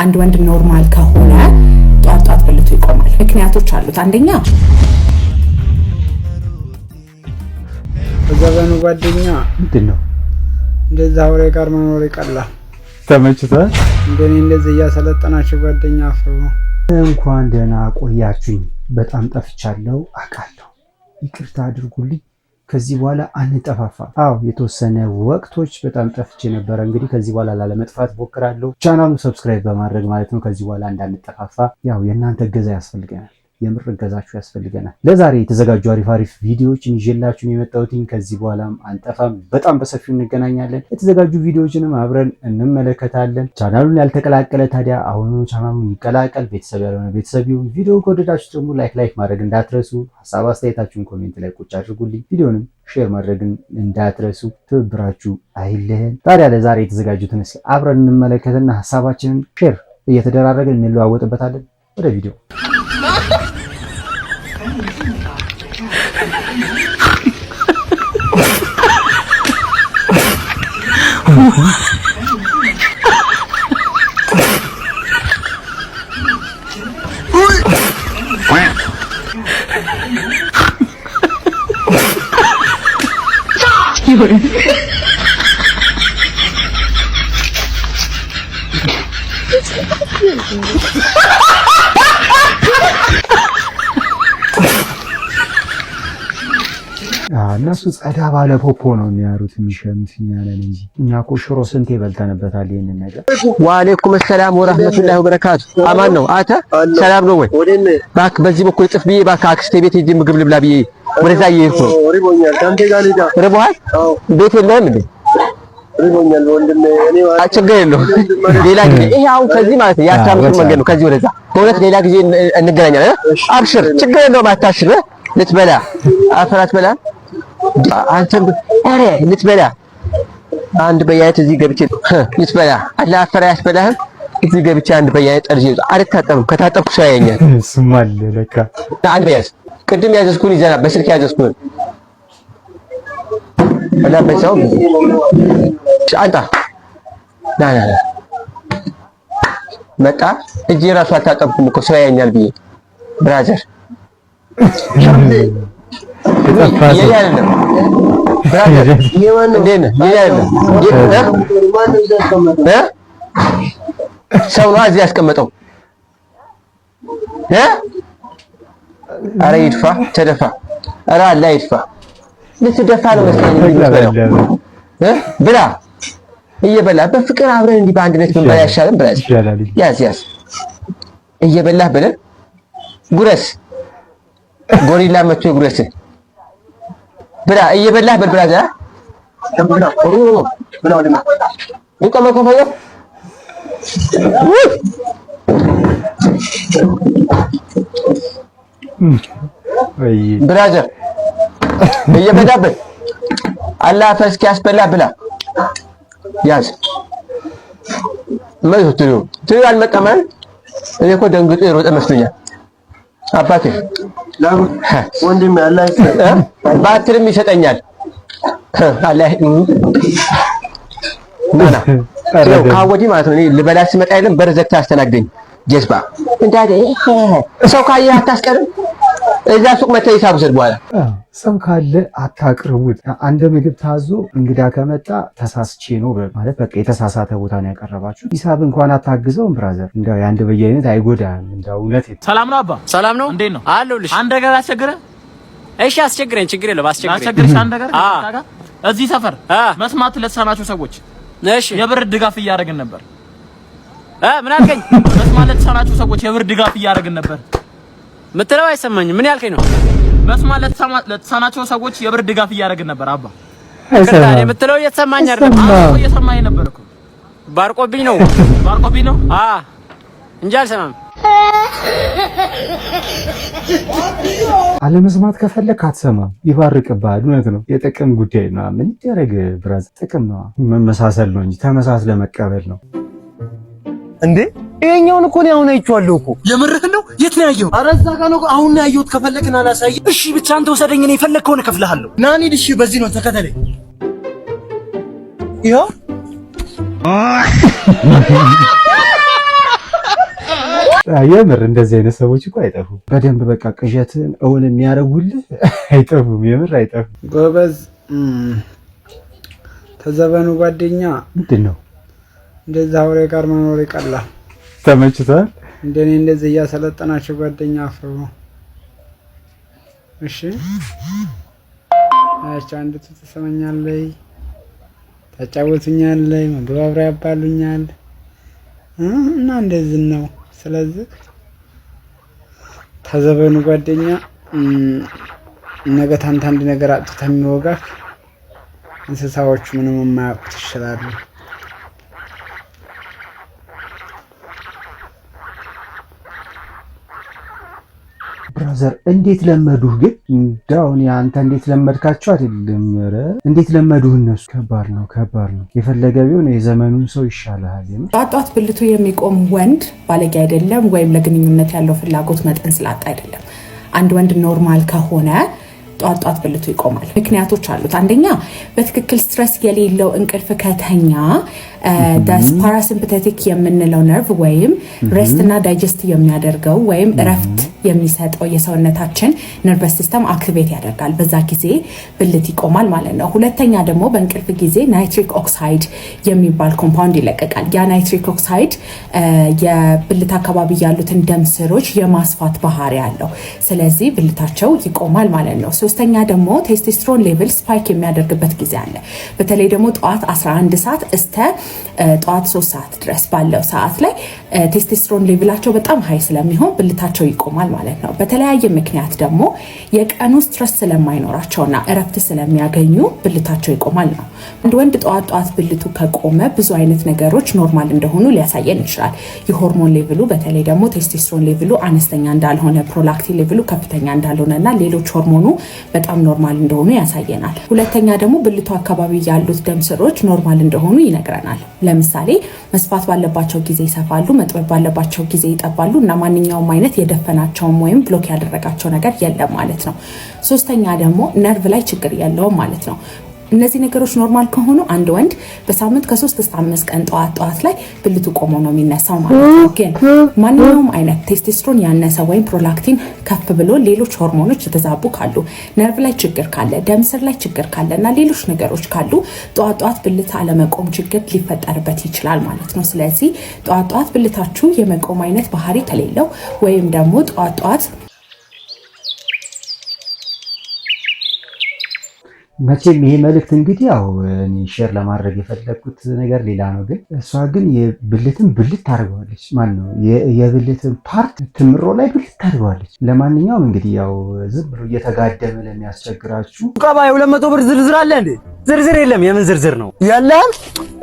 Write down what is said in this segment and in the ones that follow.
አንድ ወንድ ኖርማል ከሆነ ጧት ጧት ይቆማል። ምክንያቶች አሉት። አንደኛ ዘበኑ ጓደኛ ምንድን ነው እንደዛ አውሬ ጋር መኖር ይቀላል። ተመችቷል። እንደኔ እንደዚህ እያሰለጠናችሁ ጓደኛ አፍሩ። እንኳን ደህና ቆያችሁኝ። በጣም ጠፍቻለሁ አውቃለሁ። ይቅርታ አድርጉልኝ። ከዚህ በኋላ አንጠፋፋ። አዎ የተወሰነ ወቅቶች በጣም ጠፍቼ ነበረ። እንግዲህ ከዚህ በኋላ ላለመጥፋት ሞክራለሁ። ቻናሉ ሰብስክራይብ በማድረግ ማለት ነው። ከዚህ በኋላ እንዳንጠፋፋ ያው የእናንተ እገዛ ያስፈልገናል። የምር እገዛችሁ ያስፈልገናል። ለዛሬ የተዘጋጁ አሪፍ አሪፍ ቪዲዮዎችን ይዤላችሁን የመጣሁትኝ። ከዚህ በኋላም አንጠፋም፣ በጣም በሰፊው እንገናኛለን። የተዘጋጁ ቪዲዮዎችንም አብረን እንመለከታለን። ቻናሉን ያልተቀላቀለ ታዲያ አሁኑ ቻናሉን ይቀላቀል። ቤተሰብ ያልሆነ ቤተሰብ ይሁን። ቪዲዮ ከወደዳችሁ ደግሞ ላይክ ላይክ ማድረግ እንዳትረሱ። ሀሳብ አስተያየታችሁን ኮሜንት ላይ ቁጭ አድርጉልኝ። ቪዲዮንም ሼር ማድረግን እንዳትረሱ። ትብብራችሁ አይለህን። ታዲያ ለዛሬ የተዘጋጁትን እስኪ አብረን እንመለከትና ሀሳባችንን ሼር እየተደራረግን እንለዋወጥበታለን። ወደ ቪዲዮ 有人，有人。እነሱ ጸዳ ባለ ፖፖ ነው የሚያሩት የሚሸኑት እኛ ነን እንጂ እኛ እኮ ሽሮ ስንት ይበልተንበታል ይህንን ነገር። ዋሌኩም ሰላም ወራህመቱላሂ ወበረካቱ። አማን ነው አተ ሰላም ነው ወይ? ባክ በዚህ በኩል ጥፍ ብዬ ባክ አክስቴ ቤት ሂጅ ምግብ ልብላ ብዬ ወደዛ እየሄድኩ ነው። ርቦሃል? ቤት የለህም እንዴ? ችግር የለውም። ሌላ ጊዜ ይሄ አሁን ከዚህ ማለት ነው የአታምር መንገድ ነው። ከዚህ ወደዛ በእውነት ሌላ ጊዜ እንገናኛለን። አብሽር፣ ችግር የለውም። አታሽር። ልትበላ አፈራት በላ አንተ ልትበላ አንድ እዚህ ገብቼ ልትበላ አለ አፈራ ያስበላህም እዚህ ገብቼ አንድ አልታጠብም። ከታጠብኩ ሰው ያየኛል። እሱም አለ ለካ አንድ ቅድም ይዘና በስልክ እና በዛው አንጣ ና ና መጣ እጄ ራሱ አልታጠብኩም እኮ ሰው ያየኛል ብዬ ብራዘር ሰው ነው እዚህ ያስቀመጠው። አረ ይድፋ ተደፋ። አረ ልትደፋ ነው ብላ እየበላ በፍቅር አብረን እንዲህ በአንድነት ብንበላ ብላ ያዝ ያዝ እየበላህ ብለን ጉረስ ጎሪላ መቹ እግሮች ብላ እየበላህ በል ብላ ብራዘር እየበላበት አላህ ፈስኪ ያስበላ ብላ ያዝ መቶ ትሉ ትሉ አልመጣም አይደል? እኔ እኮ ደንግጦ የሮጠ መስሎኛል። አባቴ ወንድም ያለ ባትርም ይሰጠኛል። አላህ ማለት ነው። ልበላ ስመጣ የለም በረዘግታ አስተናግደኝ ጀዝባ ሰው ካየህ አታስቀርም። እዛ ሱቅ መተህ ሂሳብ ውሰድ በኋላ ሰው ካለ አታቅርቡት። አንድ ምግብ ታዞ እንግዳ ከመጣ ተሳስቼ ነው ማለት በቃ የተሳሳተ ቦታ ነው ያቀረባችሁ። ሂሳብ እንኳን አታግዘውም ብራዘር። እንደው የአንድ በየአይነት አይጎዳም። እንደው እውነት ሰላም ነው አባ፣ ሰላም ነው። እንዴት ነው አለሁልሽ። አንድ ነገር አስቸግረ። እሺ አስቸግረኝ፣ ችግር የለም አስቸግረሽ። አንድ ነገር እዚህ ሰፈር መስማት ለተሳናቸው ሰዎች እሺ፣ የብር ድጋፍ እያደረግን ነበር። ምን አልከኝ? መስማት ለተሳናቸው ሰዎች የብር ድጋፍ እያደረግን ነበር ምትለው አይሰማኝም። ምን ያልከኝ ነው? መስማት ለተሳናቸው ሰዎች የብር ድጋፍ እያደረግን ነበር። አባ የምትለው እየተሰማኝ አይደለም። እየሰማኝ ነበር እኮ ባርቆብኝ ነው ባርቆብኝ ነው እንጂ አልሰማም። አለመስማት ከፈለክ አትሰማም። ይባርቅብሃል። እውነት ነው። የጥቅም ጉዳይ ነው። ምን ይደረግ ብራዝ፣ ጥቅም ነው። መመሳሰል ነው እንጂ ተመሳስለ መቀበል ነው እንዴ። ይሄኛውን እኮ እኔ አሁን አይቼዋለሁ እኮ የምርህ የት ነው ያየው? ኧረ እዛ ጋር ነው። አሁን ነው ያየሁት። ከፈለግን አላሳየህ። እሺ ብቻ አንተ ወሰደኝ። እኔ የፈለግከውን እከፍልሃለሁ። ና እንሂድ። እሺ በዚህ ነው። ተከተለኝ። ይኸው የምር እንደዚህ አይነት ሰዎች እኮ አይጠፉም። በደንብ በቃ ቅዠትን እውን የሚያደርጉልህ አይጠፉም። የምር አይጠፉም። ጎበዝ ተዘበኑ ጓደኛ ምንድን ነው እንደዛ አውሬ ጋር መኖር ይቀላል። ተመችቷል። እንደኔ እንደዚህ እያሰለጠናቸው ጓደኛ አፍሮ እሺ ያቸው አንድ ትሰማኛለህ፣ ታጫወቱኛለህ፣ ምግብ አብረው ያባሉኛል እና እንደዚህ ነው። ስለዚህ ተዘበኑ ጓደኛ ነገ ታንተ አንድ ነገር አጥቶ የሚወጋህ እንስሳዎቹ ምንም የማያውቁት ይችላሉ። ብራዘር እንዴት ለመዱህ ግን? እንዳሁን አንተ እንዴት ለመድካቸው አይደለም። ኧረ እንዴት ለመዱህ እነሱ። ከባድ ነው፣ ከባድ ነው። የፈለገ ቢሆን የዘመኑን ሰው ይሻልሃል። ጧጧት ብልቱ የሚቆም ወንድ ባለጌ አይደለም፣ ወይም ለግንኙነት ያለው ፍላጎት መጠን ስላጣ አይደለም። አንድ ወንድ ኖርማል ከሆነ ጧጧት ብልቱ ይቆማል። ምክንያቶች አሉት። አንደኛ በትክክል ስትረስ የሌለው እንቅልፍ ከተኛ ዳስ uh, ፓራሲምፕቴቲክ mm-hmm. የምንለው ነርቭ ወይም ሬስት mm-hmm. እና ዳይጀስት የሚያደርገው ወይም mm-hmm. እረፍት የሚሰጠው የሰውነታችን ነርቨስ ሲስተም አክቲቬት ያደርጋል። በዛ ጊዜ ብልት ይቆማል ማለት ነው። ሁለተኛ ደግሞ በእንቅልፍ ጊዜ ናይትሪክ ኦክሳይድ የሚባል ኮምፓውንድ ይለቀቃል። ያ ናይትሪክ ኦክሳይድ uh, የብልት አካባቢ ያሉትን ደም ስሮች የማስፋት ባህሪ አለው። ስለዚህ ብልታቸው ይቆማል ማለት ነው። ሶስተኛ ደግሞ ቴስቶስትሮን ሌቭል ስፓይክ የሚያደርግበት ጊዜ አለ። በተለይ ደግሞ ጠዋት 11 ሰዓት እስተ ጠዋት ሶስት ሰዓት ድረስ ባለው ሰዓት ላይ ቴስቴስትሮን ሌቪላቸው በጣም ሀይ ስለሚሆን ብልታቸው ይቆማል ማለት ነው። በተለያየ ምክንያት ደግሞ የቀኑ ስትረስ ስለማይኖራቸውና እረፍት ስለሚያገኙ ብልታቸው ይቆማል ነው። አንድ ወንድ ጠዋት ጠዋት ብልቱ ከቆመ ብዙ አይነት ነገሮች ኖርማል እንደሆኑ ሊያሳየን ይችላል። የሆርሞን ሌቭሉ በተለይ ደግሞ ቴስቴስትሮን ሌቭሉ አነስተኛ እንዳልሆነ፣ ፕሮላክቲን ሌቭሉ ከፍተኛ እንዳልሆነ እና ሌሎች ሆርሞኑ በጣም ኖርማል እንደሆኑ ያሳየናል። ሁለተኛ ደግሞ ብልቱ አካባቢ ያሉት ደም ስሮች ኖርማል እንደሆኑ ይነግረናል። ለምሳሌ መስፋት ባለባቸው ጊዜ ይሰፋሉ መጥበብ ባለባቸው ጊዜ ይጠባሉ እና ማንኛውም አይነት የደፈናቸውም ወይም ብሎክ ያደረጋቸው ነገር የለም ማለት ነው። ሶስተኛ ደግሞ ነርቭ ላይ ችግር የለውም ማለት ነው። እነዚህ ነገሮች ኖርማል ከሆኑ አንድ ወንድ በሳምንት ከሶስት እስከ አምስት ቀን ጠዋት ጠዋት ላይ ብልቱ ቆሞ ነው የሚነሳው ማለት ነው። ግን ማንኛውም አይነት ቴስቴስትሮን ያነሰ ወይም ፕሮላክቲን ከፍ ብሎ ሌሎች ሆርሞኖች የተዛቡ ካሉ፣ ነርቭ ላይ ችግር ካለ፣ ደም ስር ላይ ችግር ካለ እና ሌሎች ነገሮች ካሉ ጠዋት ጠዋት ብልት አለመቆም ችግር ሊፈጠርበት ይችላል ማለት ነው። ስለዚህ ጠዋት ጠዋት ብልታችሁ የመቆም አይነት ባህሪ ከሌለው ወይም ደግሞ ጠዋት ጠዋት መቼም ይሄ መልእክት እንግዲህ ያው ሼር ለማድረግ የፈለግኩት ነገር ሌላ ነው፣ ግን እሷ ግን የብልትን ብልት ታደርገዋለች ማን ነው። የብልትን ፓርት ትምሮ ላይ ብልት ታደርገዋለች። ለማንኛውም እንግዲህ ያው ዝም ብሎ እየተጋደመ ለሚያስቸግራችሁ ቀባ የሁለት መቶ ብር ዝርዝር አለ እንዴ? ዝርዝር የለም። የምን ዝርዝር ነው ያለ?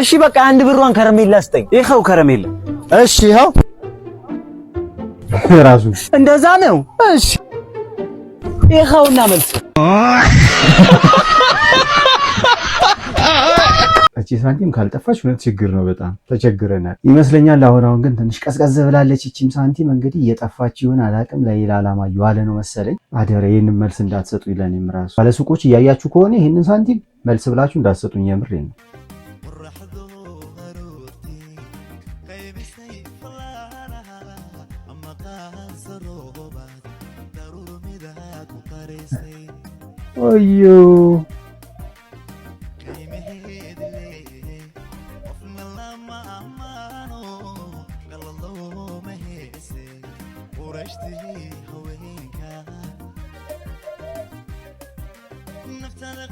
እሺ በቃ አንድ ብሯን ከረሜላ ስጠኝ። ይኸው ከረሜላ። እሺ ይኸው ራሱ እንደዛ ነው። እሺ ይኸውና መልስ ሳንቲም ካልጠፋች ሁለት ችግር ነው። በጣም ተቸግረናል ይመስለኛል። ለአሁን አሁን ግን ትንሽ ቀዝቀዝ ብላለች። ይችም ሳንቲም እንግዲህ እየጠፋች ይሆን አላቅም። ለሌላ ዓላማ እየዋለ ነው መሰለኝ። አደረ ይህን መልስ እንዳትሰጡ ይለን ራሱ ባለሱቆች እያያችሁ ከሆነ ይህንን ሳንቲም መልስ ብላችሁ እንዳትሰጡኝ የምር ነው። አዮ naftaada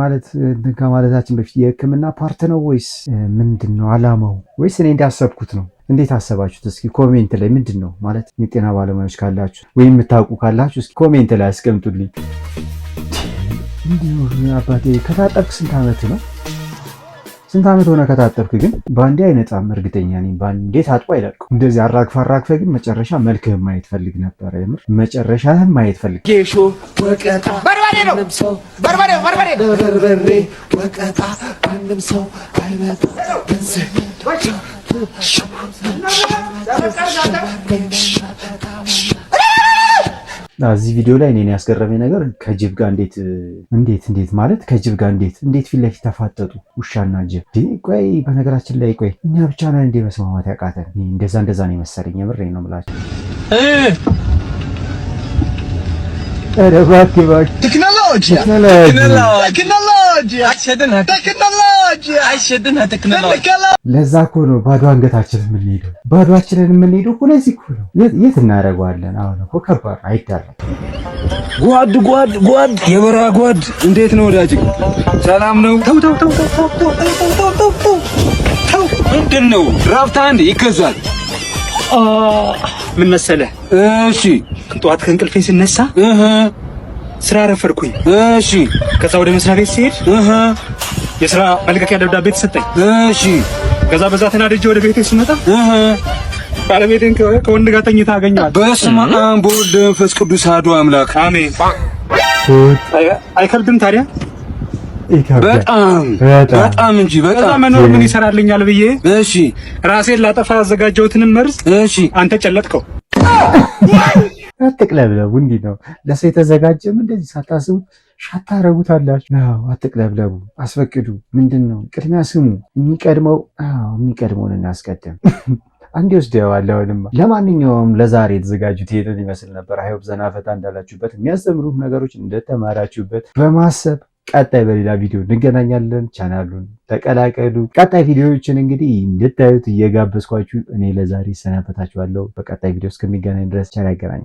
ማለት ከማለታችን በፊት የህክምና ፓርት ነው ወይስ ምንድን ነው አላማው? ወይስ እኔ እንዳሰብኩት ነው? እንዴት አሰባችሁት? እስኪ ኮሜንት ላይ ምንድን ነው ማለት የጤና ባለሙያዎች ካላችሁ ወይም የምታውቁ ካላችሁ እስኪ ኮሜንት ላይ አስቀምጡልኝ። እንዲሁ አባቴ ከታጠብክ ስንት ዓመት ነው? ስንት ዓመት ሆነ ከታጠብክ ግን በአንዴ አይነጻም። እርግጠኛ ነኝ በአንዴ ታጥቦ አይለቅም። እንደዚህ አራግፈ አራግፈ ግን መጨረሻ መልክህ ማየት ፈልግ ነበረ። የምር መጨረሻህን ማየት ፈልግ። ጌሾ ወቀጣ፣ በርበሬ ነው በርበሬ፣ በርበሬ፣ በርበሬ ወቀጣ። አንድም ሰው አይመጣ እዚህ ቪዲዮ ላይ እኔን ያስገረመኝ ነገር ከጅብ ጋር እንዴት እንዴት እንዴት ማለት ከጅብ ጋር እንዴት እንዴት ፊት ለፊት ተፋጠጡ ውሻና ጅብ። ቆይ በነገራችን ላይ ቆይ እኛ ብቻ ነን እንዴ መስማማት ያቃተን? እንደዛ እንደዛ ነው የመሰለኝ። የምሬ ነው ምላቸው። ኧረ እባክህ እባክህ Tecnologia. ለዛ እኮ ነው ባዶ አንገታችን የምንሄደው፣ ባዶችንን የምንሄደው እኮ ለዚህ እኮ ነው። የት እናደርገዋለን? አሁን እኮ ከባድ አይዳለም። ጓድ ጓድ ጓድ፣ የበረሃ ጓድ። እንዴት ነው ወዳጅ? ሰላም ነው? ተው ተው ተው ተው ተው ተው ምንድን ነው አንድ ይገዛል። ምን መሰለህ? እሺ ጠዋት ከእንቅልፌ ስነሳ ስራ ረፈድኩኝ። እሺ። ከዛ ወደ መስሪያ ቤት ሲሄድ የስራ መልቀቂያ ደብዳቤ ተሰጠኝ። እሺ። ከዛ በዛ ተናድጄ ወደ ቤቴ ስመጣ ባለቤቴን ከወንድ ጋር ተኝታ አገኘኋት። በስመ አብ ወወልድ ወመንፈስ ቅዱስ አሐዱ አምላክ አሜን። አይከብድም ታዲያ? በጣም በጣም እንጂ በጣም መኖር ምን ይሰራልኛል ብዬ እሺ፣ ራሴን ላጠፋ ያዘጋጀሁትንም መርዝ እሺ፣ አንተ ጨለጥከው። አትቅለብለቡ። እንዲህ ነው ለሰው የተዘጋጀም እንደዚህ ሳታስቡ ሻታ ረጉታላችሁ። አትቅለብለቡ፣ አስፈቅዱ። ምንድን ነው ቅድሚያ ስሙ። የሚቀድመው የሚቀድመውን እናስቀድም። አንድ ወስደዋል። አሁንማ ለማንኛውም ለዛሬ የተዘጋጁት ይሄንን ይመስል ነበር። አይሆፕ ዘናፈታ እንዳላችሁበት የሚያስተምሩ ነገሮች እንደተማራችሁበት በማሰብ ቀጣይ በሌላ ቪዲዮ እንገናኛለን። ቻናሉን ተቀላቀሉ። ቀጣይ ቪዲዮዎችን እንግዲህ እንድታዩት እየጋበዝኳችሁ እኔ ለዛሬ ሰናበታችኋለሁ። በቀጣይ ቪዲዮ እስከሚገናኝ ድረስ ቻና ያገናኝ